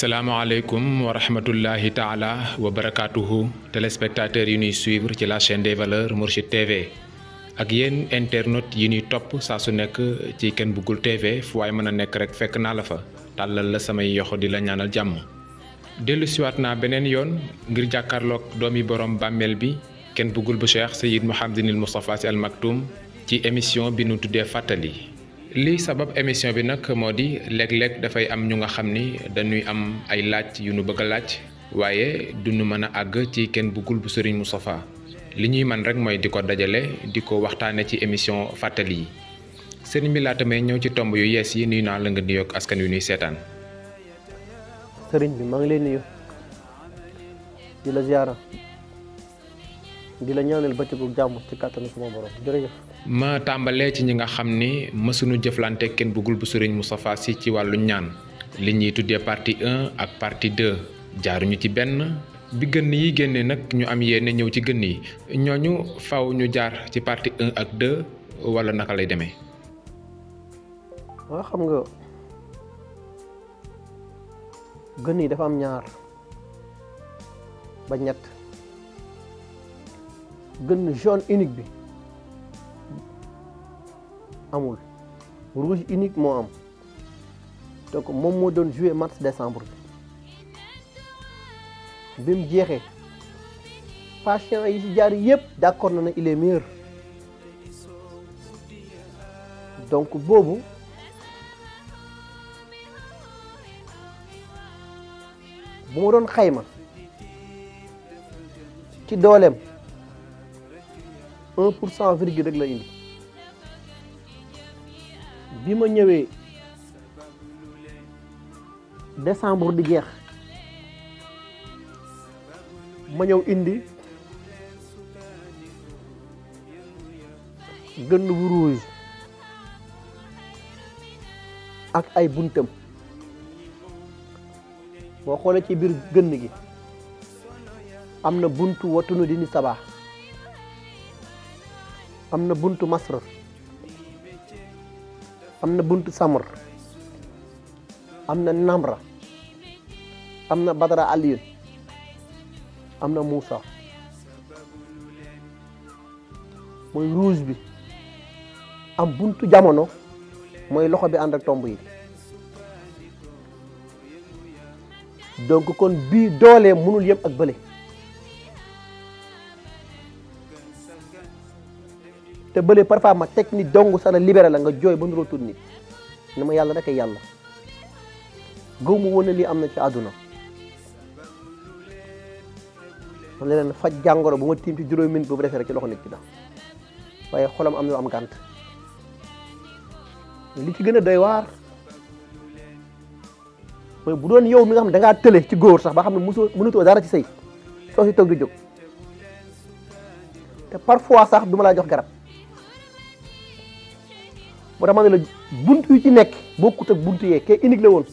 asalaamaaleykum wa rahmatullahi taala wa barakaatuhu téléspectateurs yi nuy suivre ci la chaîne des valeurs Mourchid TV ak yenn internautes yi nuy topp saa su nekk ci kenn Bougoul TV fu waay mën a nekk rek fekk naa la fa tàllal la samay yoxo di la ñaanal jàmm. dellu siwaat naa beneen yoon ngir jàkkaarloog doomi borom bàmmeel bi Ken Bougoul bu Cheikh Seyyid Mouhamadinil Moustapha Sy Al Maktoum ci émission bi nu tuddee fàttali. li sabab émission bi nak modi leg leg da fay am ñu nga xamni dañuy am ay laaj yu ñu bëgg a laaj waaye dunu mëna ag àgg ci kenn buggul bu serigne Moustapha li ñuy man rek moy diko dajalé diko waxtané ci émission fatali serigne bi laata may ci tomb yu yes yi nuy na la nga nuyoog askan yu nuy seetaan serigne bi ma ngi lay nuyu di la ziara di la ñaanal bëccëgu jamm ci katanu sama borom jërëjëf ma tambalé ci ñi nga xam ni jëflanté jëflante kenn bugul bu sëriñ Moustapha si ci walu ñaan li ñi tuddé parti 1 ak parti 2 jaaru ñu ci benn bi gën yi génnee nak ñu am yéne ñëw ci gën yi ñoñu faaw ñu jaar ci parti 1 ak 2 wala naka lay démé waa xam nga gën yi dafa am ñaar ba ñett gën jaune unique bi amul rouge uniquement donc mon mo mars jouer match décembre bim jexé patient yi d'accord na il est meilleur donc bobu bu ma Qui xayma un pour virgule li ma ñëwee décembre di jeex ma ñëw indi gën bu rouge ak ay buntam boo xoolee ci biir gënn gi am na buntu watunu dini sabaa am na bunt masrar am na buntu samar am na namra am na batara aliyun am na Moussa mooy rouge bi am buntu jamono mooy loxo bi ànd ak tomb yi donc kon bii doole mënul yem ak bële te bële parfois ma teg ni dong sax na libéré la nga jooy ba nuroo tudd nit ne ma yàlla rek a yàlla gëw mu woon li am na ci àdduna man ne leen faj jàngoro bu ma tiim ci juróomi minute boobu defee rek ci loxo nit ki da waaye xolam am na am li ci gën a doy waar mooy bu doon yow mi nga xam ne ngaa tële ci góor sax ba xam ne mosoo mënutoo dara ci sëy soo si toog di jóg te parfois sax duma laa jox garab moo tax la bunt yu ci nekk bokkut ak bunt yee kee unique la woon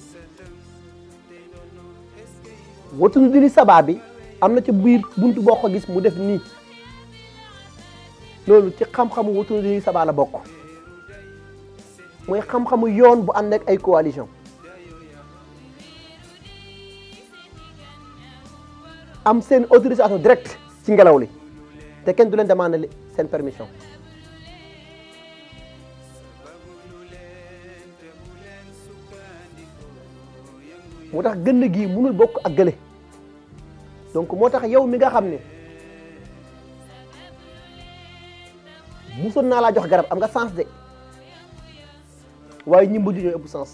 watunu dili sabaa bi am na ci biir bunt boo gis mu def nii loolu ci xam-xamu watunu dili sabaa la bokk mooy xam-xamu yoon bu ànd ak ay coalition am seen autorisation directe ci ngelaw li te kenn du leen demandé seen permission moo tax gënn gii munul bokk ak gële donc moo tax yow mi nga xam ne musoon naa laa jox garab am nga sens de waaye ñi mujj ñooy ëpp sens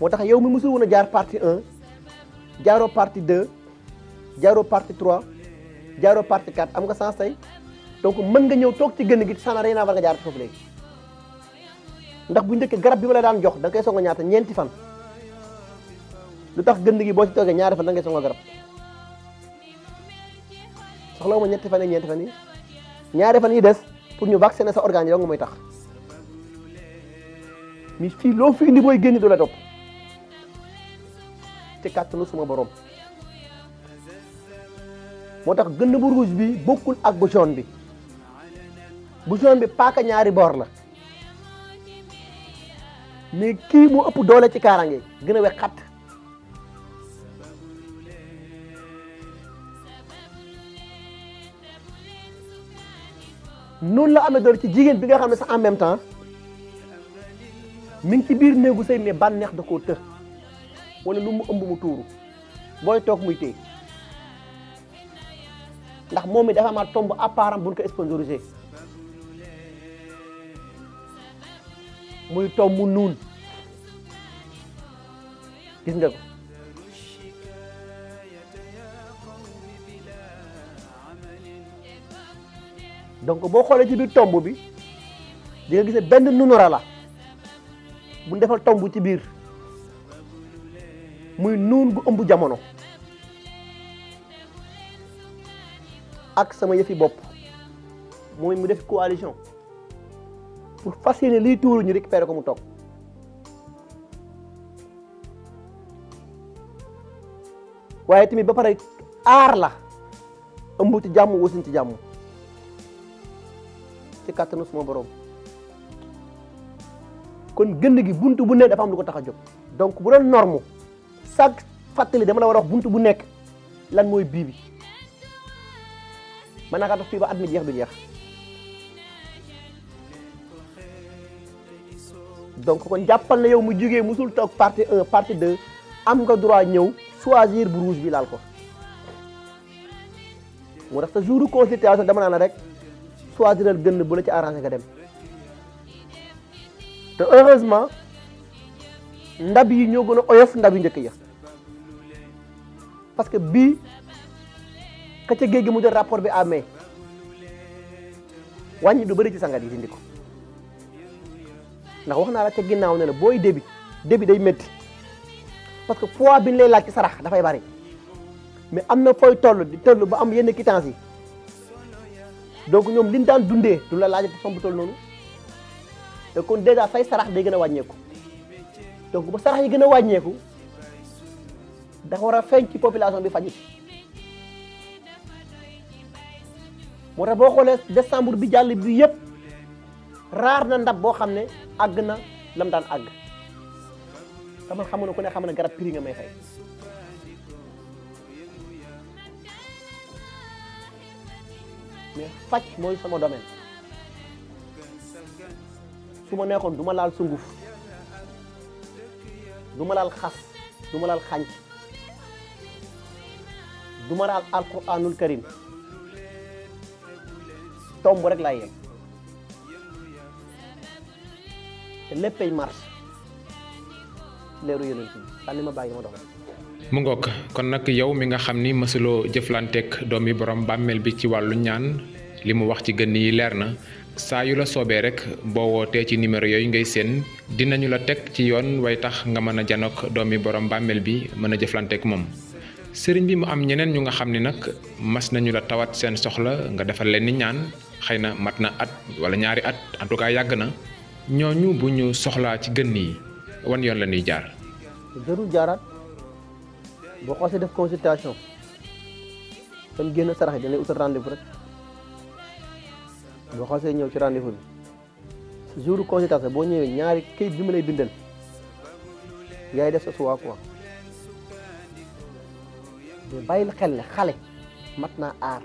moo tax yow mi musul woon a jaar partie un jaaroo partie deux jaaroo partie trois jaaroo partie quatre am nga sens tey donc mën nga ñëw toog ci gën gi ça n'a rien à nga jaar foofu léegi ndax bu njëkk garab bi ma la daan jox da ngay songo ñaata ñeenti fan lu tax gën gi boo ci toogee ñaari fan da ngay songo garab soxla ma ñetti fan ak ñeenti fan yi ñaari fan yi des pour ñu vacciner sa organe yi nga mooy tax mi fii loo fi indi booy génn du la topp ci kàttanu suma borom moo tax bu rouge bi bokkul ak bu jaune bi bu jaune bi paaka ñaari boor la mais kii moo ëpp doole ci kaaraange gën a we xat noonu la amee doole ci jigéen bi nga xam ne sax en même temps mi ngi ci biir néegu sëy bànneex da koo të lu mu ëmb mu tuuru booy toog muy téye ndax moom mi dafa amaat tomb apparent buñ ko sponsorisé muy tomb nuun gis nga ko donc boo xoolee ci biir tomb bi di benn nunura la bu defal tomb ci biir muy nuun gu ëmb jamono ak sama yëfi bopp mooy mu def coalition pour fas li touru ñu récupérer ko mu tok waye timi ba paré ar la ëmbu ci jamm wosin ci jamm ci katanu suma borom kon gënd gi buntu bu né dafa am lu ko tax a donc bu doon norme chaque dama la wara wax buntu bu nek lan moy bibi manaka mën naa tax ba admi jeex du jeex donc kon jàppal na yow mu jugee musul toog parti un partie deux am nga droit ñëw choisir bu rouge bi laal ko moo tax sa jour consultation dama naa la rek choisiral gën bu la ci arrangé nga dem te heureusement ndab yi ñëw gën a oyof ndab yu njëkk ya parce que bi ka ca géej gi mu jël rapport bi amee wàññi du bëri ci sangat yi dindi ko ndax wax naa la ca ginnaaw ne la booy débit débit day métti parce que poids bi ñu lay laaj sarax dafay bari mais am na fooy tollu di toll ba am yenn quittance yi donc ñoom liñ daan dundee du la laajati somb toll noonu te kon dèjà say sarax day gën a wàññeeku donc ba sarax yi gën a wàññeeku dafa war a feeñ ci population bi faju ci moo tax boo xoolee décembre bi jàll bi yëpp raar na ndab boo xam ne àgg na lam daan àgg te man ku ne xam na garab prix nga may fay mais faj mooy sama domaine su ma nekkoon du ma laal sunguf du ma laal xas du ma laal xànc du ma laal alquranul karim tomb rek laay yem te karena marche leeru yonent bi ma bàyyi ma dox mu ngoog kon nak yow mi nga xamni ni mësuloo jëflanteeg doomi borom bammel bi ci walu ñaan limu wax ci gën yi leer na yu la sobe rek bo wote ci numéro yoy ngay sen dinañu la tek ci yoon way tax nga mëna janok domi borom bammel bi mëna mom bi mu am ñeneen ñu nga xamni nak mas nañu la tawat sen soxla nga defal leen ñaan xeyna matna at wala ñaari at en tout cas ñooñu bu ñu soxlaa ci gën yi wan yoon la ñuy jaar. jarul jaaraat boo xasee def consultation tam génn sarax yi dañ lay utal rendez rek boo xasee ñëw ci rendez-vous bi su jour consultation boo ñëwee ñaari këyit bi ma lay bindal yaay def sa suwaa quoi mais bàyyil xel ne xale mat naa aar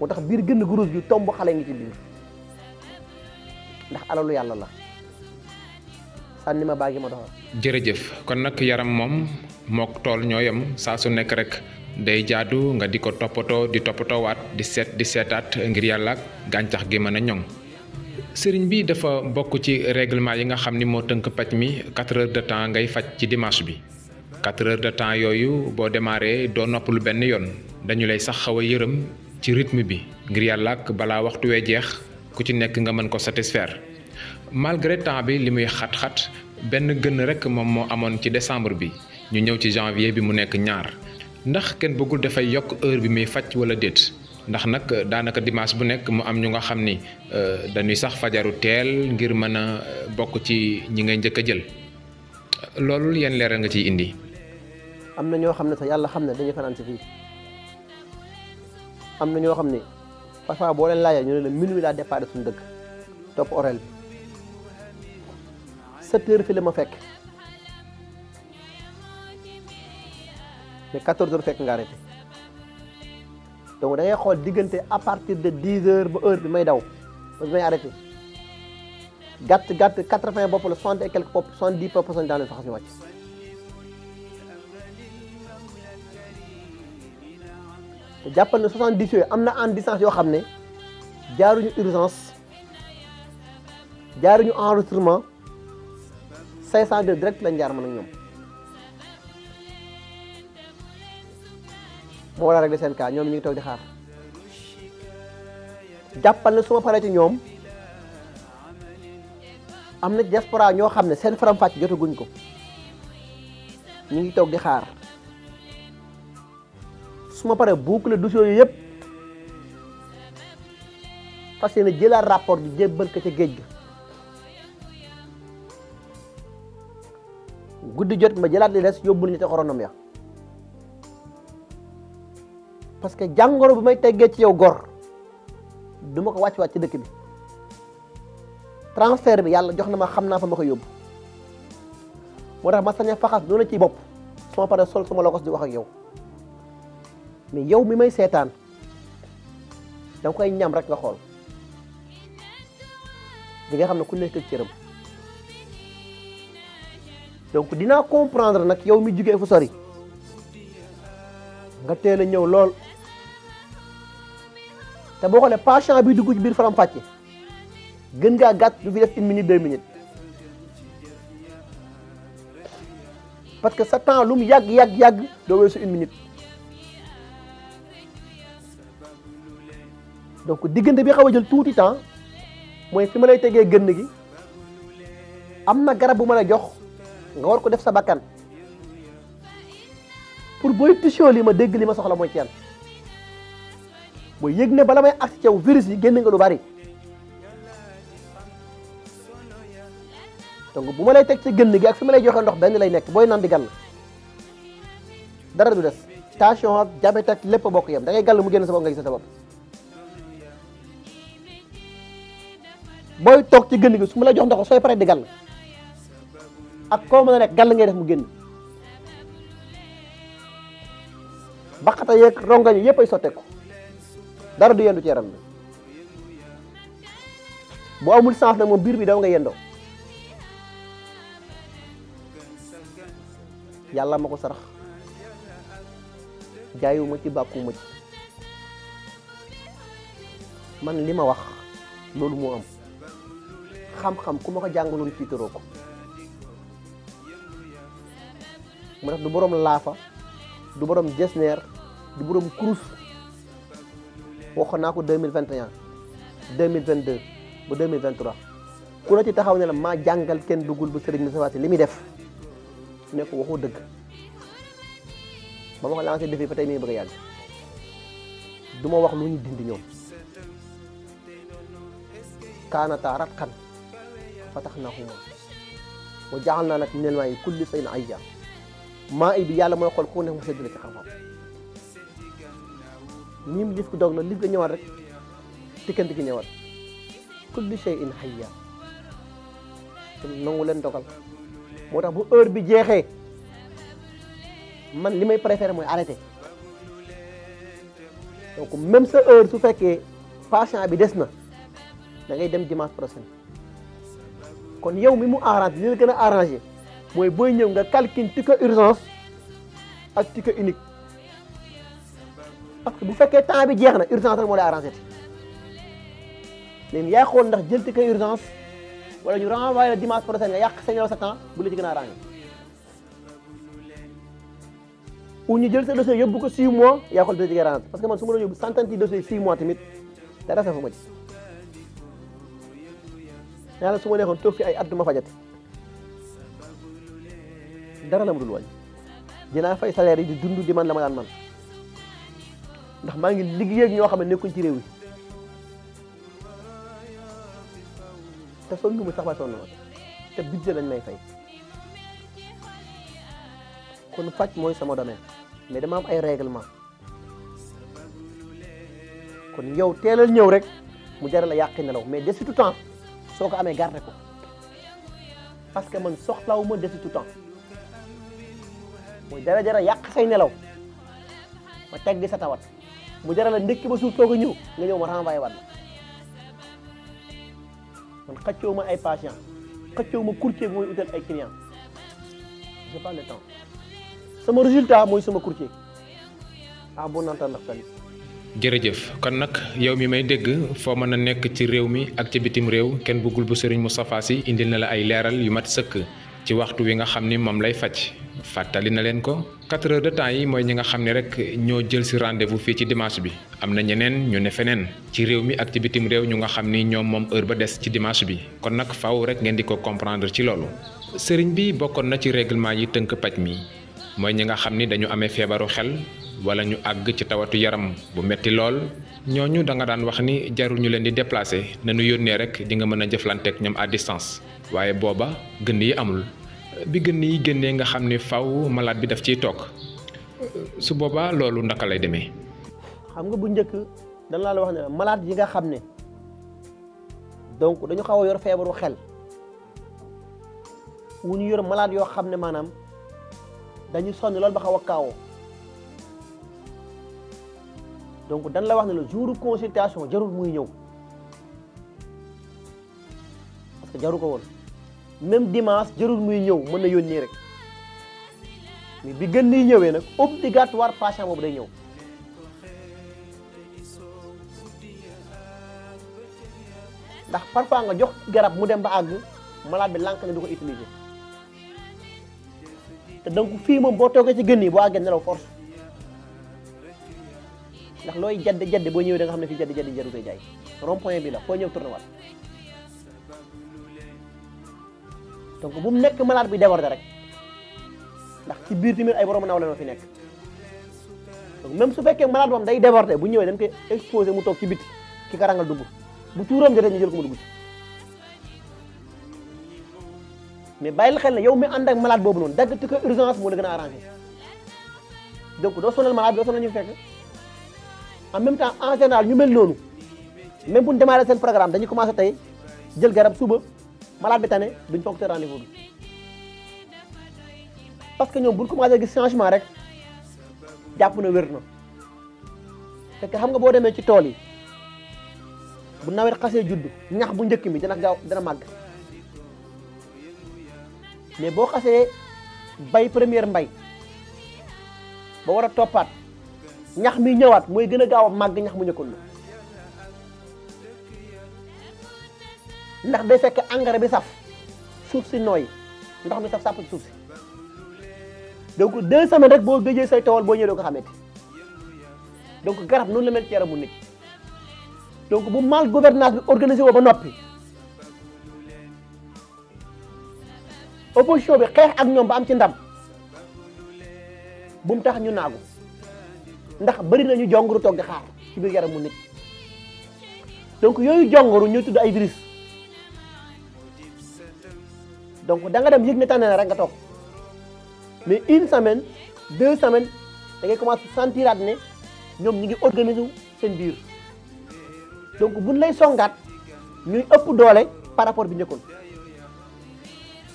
moo tax biir gën a gurus bi tomb xale ngi ci biir. ndax alalu yàlla la sànni ma baagi ma doxal jërëjëf kon nag yaram moom mook tool ñooyam saa su nekk rek day jaadu nga di ko toppatoo di toppatoowaat di seet di seetaat ngir yàlla gàncax gi mën a ñoŋ sëriñ bi dafa bokk ci règlement yi nga xam ni moo tënk paj mi 4 heures de temps ngay faj ci dimanche bi 4 heures de temps yooyu boo démarré doo noppalu benn yoon dañu lay sax xaw a yërëm ci rythme bi ngir yàlla balaa waxtu wee jeex ku ci nekk nga mën ko satisfaire malgré temps bi li muy xat-xat benn gën rek moom moo amoon ci décembre bi ñu ñëw ci janvier bi mu nekk ñaar ndax kenn bëggul dafay yokk heure bi muy faj wala déet ndax nak danaka dimanche bu nek mu am ñu nga xamni euh dañuy sax fajaru tel ngir mëna euh, bok ci ñi nga njëkk jël loolu yeen leeral nga ci indi amna ño xamne sa yalla xamne dañu fa ne dañuy fanaan si fii parfois boo leen laajee ñu ne la minuit laa départ suñu dëkk topp horaire bi sept heures ma fekk mais quatorze heures fekk nga arrêté donc da ngay xool diggante à partir de dix heures ba heure bi may daw ba may arrêté gàtt gàtt quatre vingt bopp la soixante et quelques bopp soixante dix pour cent daanaka sax si wàcc. te jàppal ne 70 yooyu am na en distance yoo xam ne jaaruñu urgence jaaruñu enregistrement 502 direct lañ jaar mën ak ñoom moo war a régler seen cas ñoom ñu ngi toog di xaar jàppal ne su ma paree ci ñoom am na diaspora ñoo xam ne seen faram-fàcc jotaguñ ko ñu ngi toog di xaar su ma paree boucler dossier yooyu yëpp que yéene jëlaat rapport bi jébbal ko ca géej gi guddi jot ma jëlaat li des yóbbul ñu te xoronam ya parce que jàngoro bi may teggee ci yow gor duma ko wàcc wàcc ci dëkk bi transfert bi yàlla jox na ma xam naa fa ma koy yóbbu moo tax ma sañ a faxas noonu ci bopp su ma paree sol sama lokos di wax ak yow mais yow mi may seetaan dang koy ñam rek nga xol di nga xamne ku nekk ci reum donc dina comprendre nak yow mi jugge fu sori nga téla a lool te bo xolé patient bi duggu ci bir faram fàcce gën nga gàtt du fi def 1 minute 2 minutes parce que sa temps lu mu yag yag yàgg doo weesu 1 minute donc diggante bi xaw a jël tuuti temps mooy fi ma lay tegee gënn gi am na garab bu ma la jox nga war ko def sa bakkan pour booy tission li ma dégg li ma soxla mooy ci yan mooy yëg ne bala may agsi caw virus yi génn nga lu bari donc bu ma lay teg ci gënn gi ak fi ma lay joxe ndox benn lay nekk booy naan di gàll dara du des tension ak diabète ak lépp bokk yam da ngay mu génn sa bopp nga gis sa bopp boy tok ci gën gi suma la jox ndox soy paré digal ak ko mëna nek gal ngay def mu génn baqata yeeg rongañ yépp ay ko dara du yëndu ci yaram bu amul sens nag moom bir bi daw nga yëndo yalla mako sarax jaayuma ci bàkkuma ci man lima wax loolu mo am xam-xam ku ma ko jàngaloon tiitaroo ko mu tax du borom laafa du borom jesneer du borom kurus waxoon naa ko deux mille vingt et un deux mille vingt trois ku la ci taxaw ne la maa jàngal kenn duggul ba sëriñ Moustapha Sy li muy def ne ko waxoo dëgg ba ma ko lancé défi ba tey mi ngi bëgg a yàgg du ma wax lu ñu dindi ñoom kaanataa rat kan fatahnahuma wa ja'alna nag minal maa'i na shay'in hayy maa yi bi yàlla mooy xool ku ne mu séddale ci xam-xam miim lif ko doog la lif ga ñëwaat rek tikkante gi ñëwaat kulli shay'in hayy nangu leen dogal moo tax bu heure bi jeexee man li may préféré mooy arrêté donc même sa heure su fekkee patient bi des na da dem dimanche prochain kon yow mi mu arrangé li la gën a arrangé mooy booy ñëw nga calcule ticket urgence ak ticket unique parce que bu fekkee temps bi jeex na urgence rek moo lay arrangé léegi yaay xool ndax jël ticket urgence wala ñu renvoyé la dimanche prochain nga yàq sa ñëw sa temps bu la ci gën a jël sa dossier yóbbu ko 6 mois yaa de bi la ci parce que man su ma la yóbbu centaine ci dossier mois tamit dara safu ma ci yàlla su ma neexoon toog fi ay at du ma fajati dara la mu dul wàññi dinaa fay salaire di dund di man la ma man ndax maa ngi liggéey ak ñoo xam ne nekkuñ ci réew yi te sonn mu sax ba sonn ma te budget lañ may fay kon faj mooy sama domaine mais dama am ay règlement kon yow teelal ñëw rek mu jaral la yàqi nelaw mais de surtout temps soo ko amee garde ko parce que man soxlawu ma desi tout temps mooy dara jara yàq say nelaw ma teg di sa tawat mu jara la ndékki ba suuf soo ko ñëw nga ñëw ma renvoyé waat man xëccoo ma ay patient xëccoo ma courtier bi mooy utal ay client j'ai pas le sama résultat mooy sama courtier à ah bon entendeur jërëjëf kon nak yow mi may dégg foo mën a nekk ci réew mi ak ci bitim réew kenn bëggul bu sëriñ Moustapha Sy indil na la ay leeral yu mat sëkk ci waxtu wi nga xam ni moom lay faj fàttali na leen ko 4 heures de temps yi mooy ñi nga xam rek ñoo jël si rendez-vous fii ci dimanche bi am na ñeneen ñu ne feneen ci réew mi ak ci bitim réew ñu nga xam ni ñoom moom heure ba des ci dimanche bi kon nag faaw rek ngeen di comprendre ci loolu sëriñ bi bokkoon na ci règlement yi tënk paj mi mooy ñi nga xam ni dañu amee feebaru xel wala ñu ag ci tawatu yaram bu metti lool ñoñu da nga daan wax ni jarul ñu leen di déplacé nañu yónnee rek di nga mën a jëflanteeg ñam à distance waaye booba gën yi amul bi gën yi génnee nga xam ni faw malade bi daf ciy toog su boobaa loolu naka lay demee xam nga bu njëkk dañ laa la wax ne malade yi nga xam ne donc dañu xaw a yor feebaru xel wu ñu yor malade yoo xam ne maanaam dañu sonn ba xaw a donc dan la wax ne la jour consultation jarul muy ñew parce que jaru ko won même dimanche jarul muy ñew mën na yónnee rek mais bi gën ni ñewé nak obligatoire patient bobu day ñew ndax parfois nga jox garab mu dem ba ag malade bi lank ne du ko utiliser te donc fi mom bo toogee ci gën nii boo àggee nelaw force ndax looy jadd jadd boo ñëwee da nga xam ne fii jadd jadd jaru koy jaay rond point bi la foo ñëw tourné waat donc bu mu nekk malade buy débordé rek ndax ci biir tamit ay borom naaw la noo fi nekk donc même su fekkee malade moom day débordé bu ñëwee dañ koy exposé mu toog ci biti ki ko rangal dugg bu tuuram jotee ñu jël ko mu dugg ci mais bàyyil xel ne yow mi ànd ak malade boobu noonu daggati ko urgence moo la gën a arrangé donc doo sonal malade doo sonal ñu fekk en même temps en général ñu mel noonu même bu ñu démarré seen programme dañuy commencé tey jël garab suba malade bi tane duñ fonk seen rendez-vous parce que ñoom bu ñu commencé gis changement rek jàpp na wér na xam nga boo demee ci tool yi bu nawet xasee juddu ñax bu njëkk mi dana gaaw dina màgg mais boo xasee bay première mbay ba war a toppaat. ñax mi ñëwaat mooy gën a gaaw a màgg ñax mu ñëkkoon ndax day fekk engrais bi saf suuf si nooy ndax mi saf sàpp suuf si donc deux semaines rek boo gëjee say tool boo ñëwee doo ko xamante donc garab noonu la mel ci yaramu nit donc bu mal gouvernance bi organisé woo ba noppi opposition bi xeex ak ñoom ba am ci ndam bu tax ñu naagu ndax bari nañu jongru toog di xaar ci biir yaramu nit donc yoyu jongru ñu tuddu ay virus donc da nga dem yëg ne tànn rek nga toog mais une semaine deux semaines da ngay commencé sentir ne ñom ñi ngi organiser seen biir donc buñ lay songat ñuy ëpp doole par rapport bi ñëkkul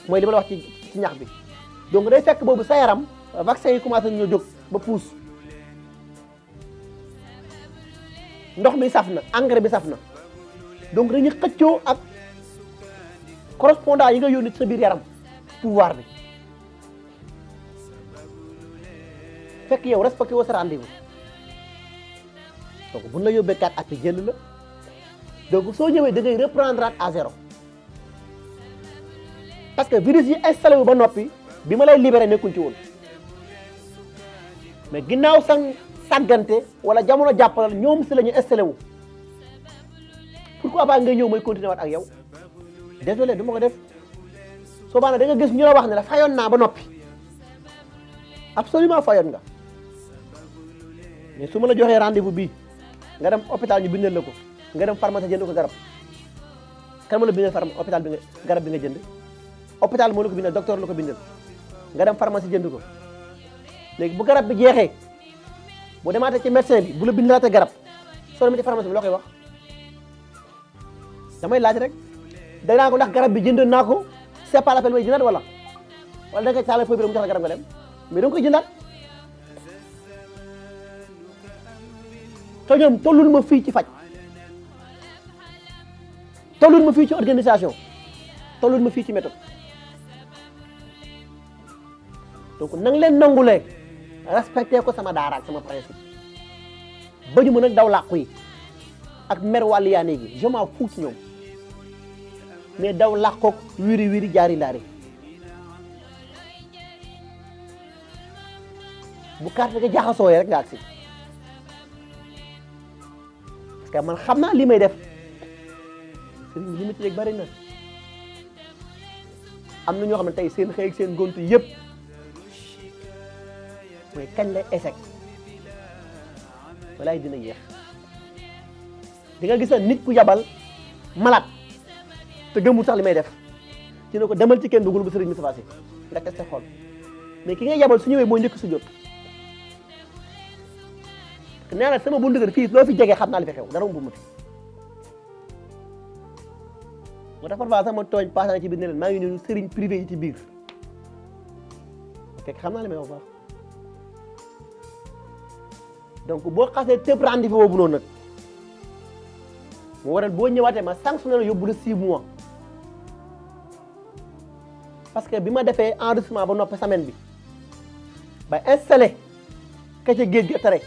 moy li ma la wax ci ci ñax bi donc day fekk bobu sa yaram vaccin yi commencé ñu jóg ba pousse ndox mi saf na engrais bi saf na donc dañuy xëccoo ak correspondant yi nga yónni ca biir yaram pouvoir bi fekk yow respecté woo sa rendez-vous donc buñ la yóbbee at yi jël la donc soo ñëwee da ngay reprendre à zéro que virus yi installé wu ba noppi bi ma lay libéré nekkuñ ci woon mais ginnaaw sang sàggante wala jamono jàppalal ñoom si la ñu installé wu pourquoi pas nga ñëw mooy continuer waat ak yow désolé du ma ko def soo baax na da nga gis ñu la wax ne la fayoon naa ba noppi absolument fayoon nga mais su ma la joxee rendez-vous bii nga dem hôpital ñu bindal la ko nga dem pharmacie jënd ko garab kan ma la bindal pharmacie hôpital bi nga garab bi nga jënd hôpital moo la ko bindal docteur la ko bindal nga dem pharmacie jënd ko léegi bu garab bi jeexee boo demaatee ci médecin bi bu la bindalaatee garab soo demee ci pharmacie bi loo koy wax damay laaj rek da naa ko ndax garab bi jëndoon naako ko c'est pas la peine may jëndaat wala wala da nga bi mu jox la garab nga dem mais da koy jëndaat te ñoom ma fii ci faj tollul ma fii ci organisation tollul ma fii ci méthode donc nang leen nangulee respecté ko sama daara ak sama principe ba ñu mën daw làqu ak mer wàllu yaa gi je m'en fous ñoom mais daw làqoog wiri wiri jaari ndaari bu carte ga jaxasoo rek nga agsi parce que man xam naa li may def sëriñ bi li ma na am na ñoo xam ne tey seen xëy ak seen gont yëpp. mooy kañ lay échec walaay dina yéex di nga gis na nit ku yabal malade te gëmul sax li may def ci ko demal ci kenn dugul bu sëriñ sa Sy nga testé xool mais ki ngay yabal su ñëwee mooy njëkk su jot nee na sama buntu kër fii loo fi jege xam nal li fi xew dara mu ma fi moo tax parfois sama tooñ passé na ci biir ne leen maa ngi nuyu sëriñ privé yi ci biir fekk xam naa li may donc boo xasee tëb rendez-vous boobu noonu mu waral boo ñëwaatee ma sanctionné la yóbbu la 6 parce que bi ma defee en enregistrement ba noppe semaine bi ba installé ka ca géej ga tere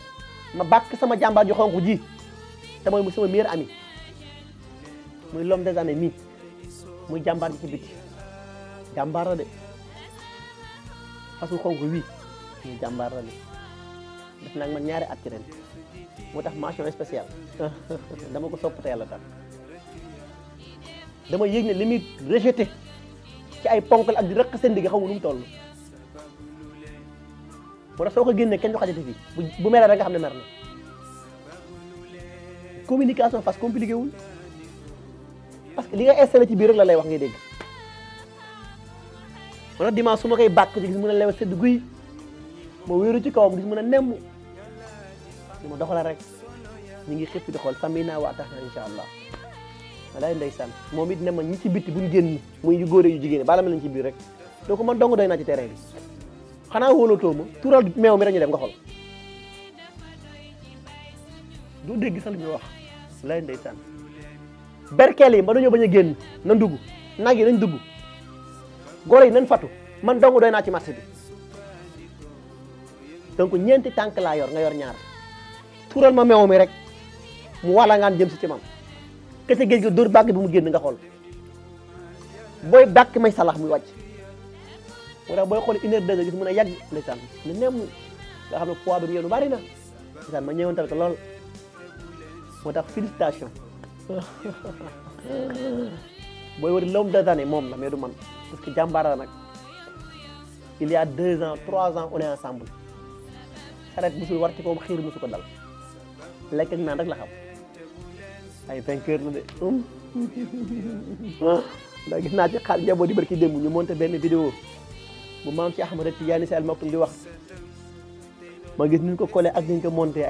ma bàkk sama jàmbaar ju xonk ji te mooy sama meilleur ami muy l'homme des années mi muy jàmbaar ji ci biti jàmbaar la de wii muy jàmbaar de def naa man ñaari at ci ren moo tax mention spéciale dama ko sopp te yàlla tax dama yëg ne rejeté ci ay ponkal ak di rëq seen digg xaw ma nu mu toll moo tax soo ko génnee du xajate fii bu bu meree rek nga xam ne mer na communication face compliqué wul parce que li nga installé ci biir rek la lay wax ngay dégg moo tax dimanche su ma koy gis mu ne lew sedd guy ma wéeru ci kawam gis mu ne nemm li mo doxal rek ñu ngi xëpp di xool samina wa tax na insha allah ndaysan momit ne ma ñi ci biti buñu genn muy yu góore yu jigéen bala ma leen ci biir rek donc man dong doyna ci terrain bi xanaa wóolatoo ma tural meew mi rañu dem nga xol du dégg sax li wax lay ndaysan berkel yi ba dañoo bañ na dugg nagi nañ dugg gore yi nañ fatu man dong doyna ci marché bi donc ñenti tank la yor nga yor ñaar tural ma meew mi rek mu walangaan jëm si ci mam kese geej gi dur bàgg bi mu genn nga xol boy bàkk may salax muy wacc wala boy xol une heure deux gis mun yag le ndeysaan ne nem nga xamne poids bi mu bari na ndeysaan ma ñewon tamit lool motax filtration boy wori lom l'homme des mom la mais du man parce que jàmbaar nak il y a 2 ans 3 ans on est ensemble saret musul war ci ko xir musuko dal lekk ak naan rek la xam ay vainqueur la de um ndax gis naa ci xaal njaboot di barki démb ñu monté benn vidéo bu maam ci ahmad ci yaani di wax ma gis ñu ko collé ak ñu ko monté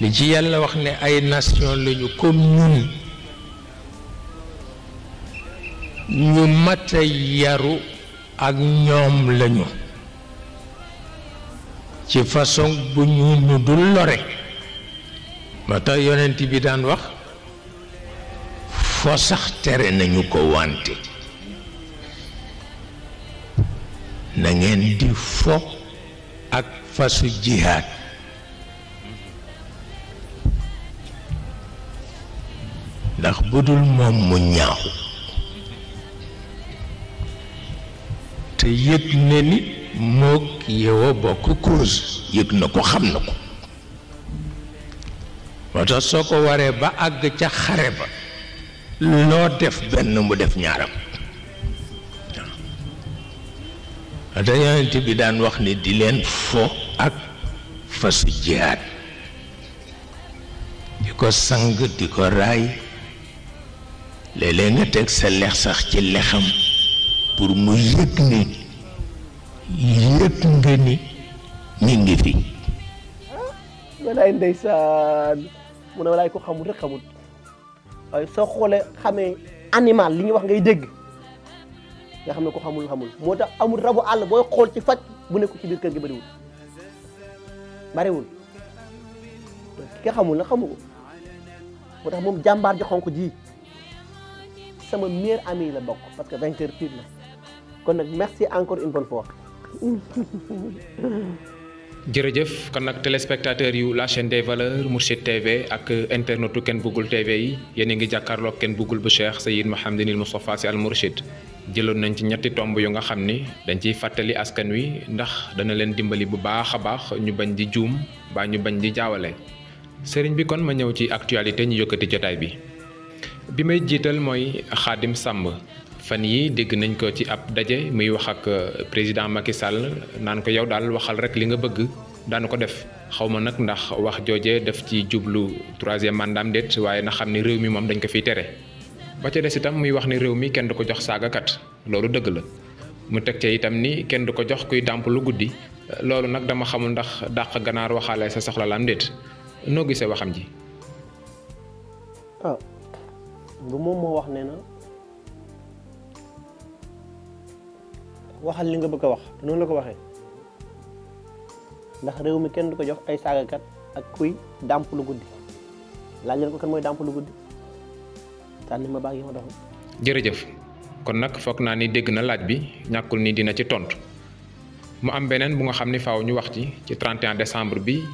li ci wax ne ay nation lañu comme ñun ñu yaru ak ñoom lañu ci façon bu ñu ñu dul lore ba tay yonent bi daan wax fo sax téré nañu ko wanté na ngeen di fo ak fasu jihad ndax budul mom mu ñaaw te yek ne ni mook yow a bokk cause yëg na ko xam na ko moo soo ko waree ba àgg ca xare ba loo def benn mu def ñaaram waaw te bi daan wax ni di leen fo ak fasu jihaat di ko sang di ko raay léeg nga teg sa lex sax ci lexam pour mu yëg ni yëg nga ni ñu ngi fi. walaay ndeysaan mu ne walaay ko xamul rek xamul waaye soo xoolee xamee animal li ñuy wax ngay dégg nga xam ne ko xamul xamul moo tax amul rabu àll booy xool ci faj bu nekk ci biir kër gi bëriwul bëriwul ki xamul la xamu ko moo moom jàmbaar ji xonk ji sama meilleur ami la bokk parce que vainqueur pire la kon nag merci encore une bonne fois. jërëjëf kon nag téléspectateur yu la chaîne des valeurs Mourchid TV ak internetu kenn bëggul TV yi yéen a ngi jàkkaarloo kenn bëggul bu Cheikh Seyyid Mouhamadinil Moustapha Sy Al Mourchid jëloon nañ ci ñetti tomb yu nga xam ni dañ ciy fàttali askan wi ndax dana leen dimbali bu baax a baax ñu bañ di juum baa ñu bañ di jaawale sëriñ bi kon ma ñëw ci actualité ñu yëkkati jotaay bi bi may jiital mooy Xaadim Sàmb fan yi deg nañ ko ci ab ke muy wax ak euh, président Macky Sall nan ko yow dal waxal rek li nga bëgg ko def xawma nak ndax wax jojé def ci jublu e mandam det waye na xamni ni réew mi mom dañ ko fi téré ba ca dess itam muy wax ni réew mi kenn du ko jox kat lolu deug la mu tek ca itam ni kenn du ko jox kuy damp lu guddii lolu nak dama xamul ndax dak ganar waxale sa soxla lam det no gisee waxam ji ah bu mom mo wax waxal li nga bëgg wax te noonu la ko waxee ndax réew mi kenn du ko jox ay saagakat ak kuy dàmp lu guddi laaj ko kan mooy dàmp lu guddi tànn ma baag yi ma doxal. jërëjëf kon nag foog naa ni dégg na laaj bi ñàkkul ni dina ci tontu mu am beneen bu nga xam ni faaw ñu wax ci ci 31 décembre bi.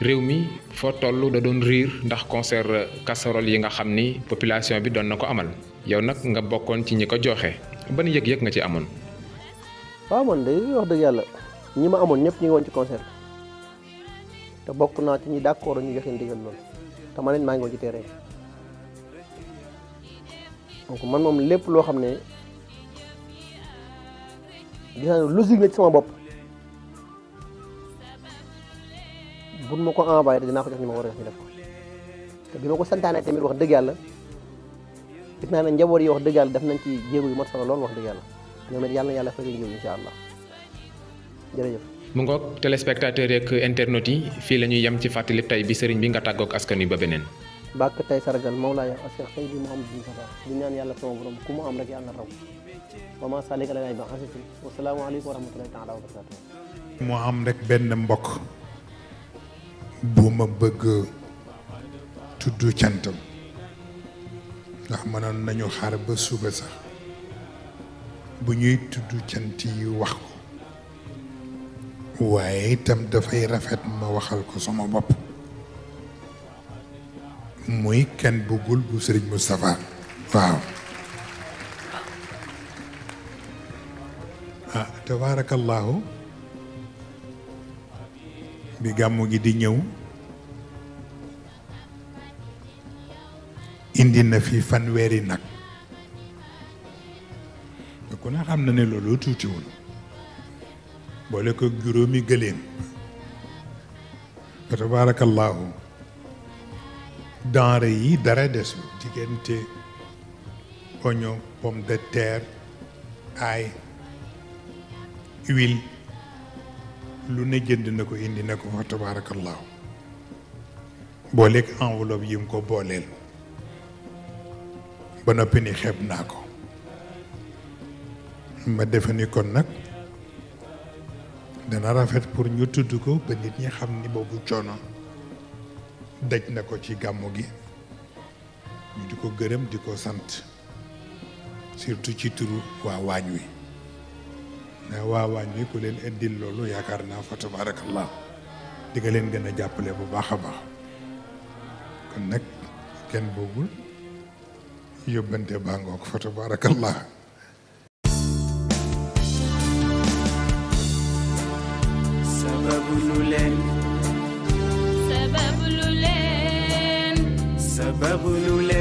réew mi fo toll da doon riir ndax concert casserole yi nga xam ni population bi doon na ko amal yow nag nga bokkoon ci ñi ko joxe ban yëg-yëg nga ci amoon. waaw ah, man de wax dëgg yàlla ñi ma amoon ñëpp ñu ngi woon ci concert te bokk naa ñi d'accord ñu joxe ndigal loolu te man lañ maa ngi woon ci terrain donc man moom lépp loo xam ne gis naa ne logique na ci ma ko envoyé dinaa ko jox ñu ma war a jox ñu def ko santaane tamit wax dëgg yàlla gis naa ne njaboot yi wax dëgg def nañ ci jéego yu mat solo loolu wax dëgg yàlla ñoom it yàlla na yàlla fay leen yiw incha allah yi fii la ñuy yem ci fàttali tey bi sëriñ bi nga tàggoog askan wi ba beneen. bàkk tey sargal Mawlaaya Cheikh Seydi Mouhamed bin Safar yàlla sama ku mu am rek yàlla na raw wa maa saalika lay mu am rek benn mbokk bu ma bëgg tudd cantam ndax mënoon nañu xaar ba suba sax. bu ñuy tudd cant yi wax ko waaye itam dafay rafet ma waxal ko sama bopp muy kenn bëggul bu sëriñ Moustapha waaw ah tabaarakallaahu bi gàmmu gi di ñëw indi na fi fanweeri nag te ku ne xam na ne loolu tuutiwul boole ko juróomi gëléem fa tabaarakallaahu denre yi dara desul diggante oignon pomme de terre ail huile lu ne jënd na ko indi na ko fa tabaarakallaahu booleeg enveloppe yi mu ko booleel ba noppi ni xeeb naa ko ma defe ni kon nag dana rafet pour ñu tudd ko ba nit ñi xam ni boobu coono daj na ko ci gàmmu gi mu di ko gërëm di ko sant surtout ci turu waa waañ wi na waa waañ wi ku leen indil loolu yaakaar naa fa tabarakallah di nga leen gën a jàppale bu baax a baax kon nag kenn boobul yóbbante baa ngoog fa tabarakallah lulen lulen